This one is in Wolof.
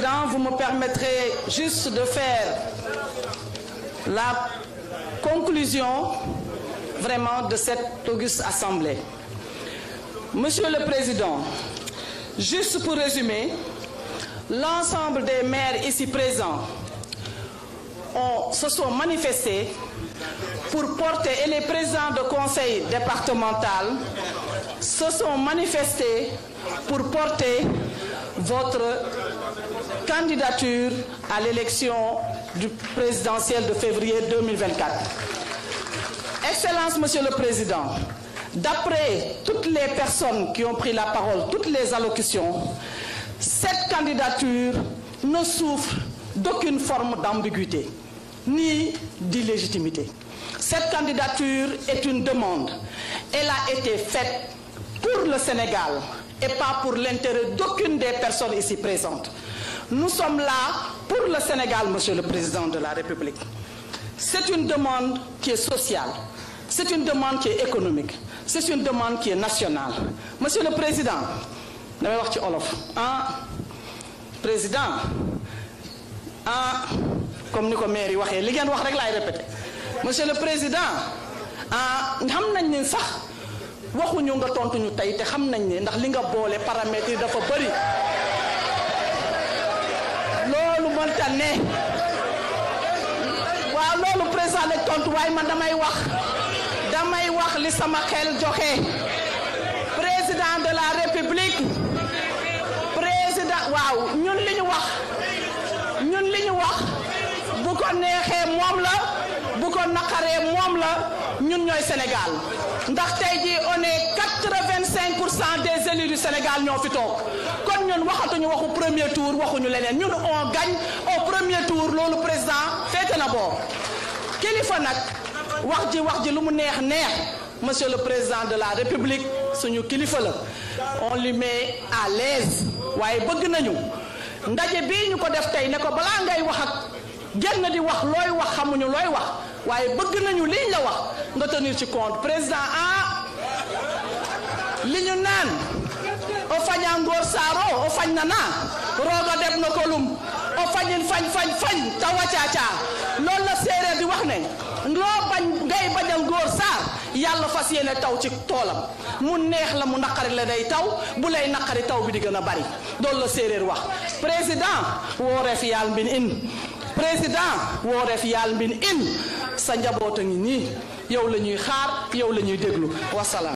Président, vous me permettrez juste de faire la conclusion vraiment de cette auguste assemblée. Monsieur le Président, juste pour résumer, l'ensemble des maires ici présents ont, se sont pour porter, et les présidents de conseil départemental se sont manifestés pour porter votre candidature à l'élection présidentielle de février 2024. Excellence, Monsieur le Président, d'après toutes les personnes qui pris la parole, toutes les allocutions, cette candidature ne souffre d'aucune forme d'ambiguïté. ni d'illégitimité. Cette candidature est une demande. Elle a été faite pour le Sénégal et pas pour l'intérêt d'aucune des personnes ici présentes. Nous sommes là pour le Sénégal, Monsieur le Président de la République. C'est une demande qui est sociale, c'est une demande qui est économique, c'est une demande qui est nationale. Monsieur le Président damay wax ci olof ah président comme ni ko maire yi waxee li ngeen wax rek laay répété monsieur le président ah xam nañ ne sax waxuñu nga tontuñu tey te xam nañ ne ndax li nga boole paramètres yi dafa bëri loolu mënta ne waaw loolu président lañ tontu waaye man damay wax damay wax li sama xel joxe président de la république président waaw. ko neexee moom la bu ko naqaree moom la ñun ñooy Sénégal ndax on cinq pour cent des ñoo fi toog kon ñun premier tour waxuñu leneen ñun on gagne tour loolu président féete na boor kilifa nag wax ji wax ji lu mu neex neex mosieur le président de la république suñu kilifa la on lui à l'aise waaye bëgg nañu ndaje bii ñu ko def tey ne ko balaa ngay wax ak génn di wax looy wax xamuñu looy wax waaye bëgg nañu liñ la wax nga tenir ci compte président ah li ñu naan o faña ngóor saaro o fañ na na rooga deb na kolum o fañin fañ fañ fañ tawa caaca loolu la séeréer di wax ne loo bañ ngay bañal ngóor saar yàlla fas yéene taw ci toolam mu neex la mu naqari la day taw bu lay naqari taw bi di gën a bari loolu la séeréer wax président woore fi yaal mbin in président woo ref yaal mbin in sa njaboot a ngi nii yow la ñuy xaar yow la ñuy déglu wasalaam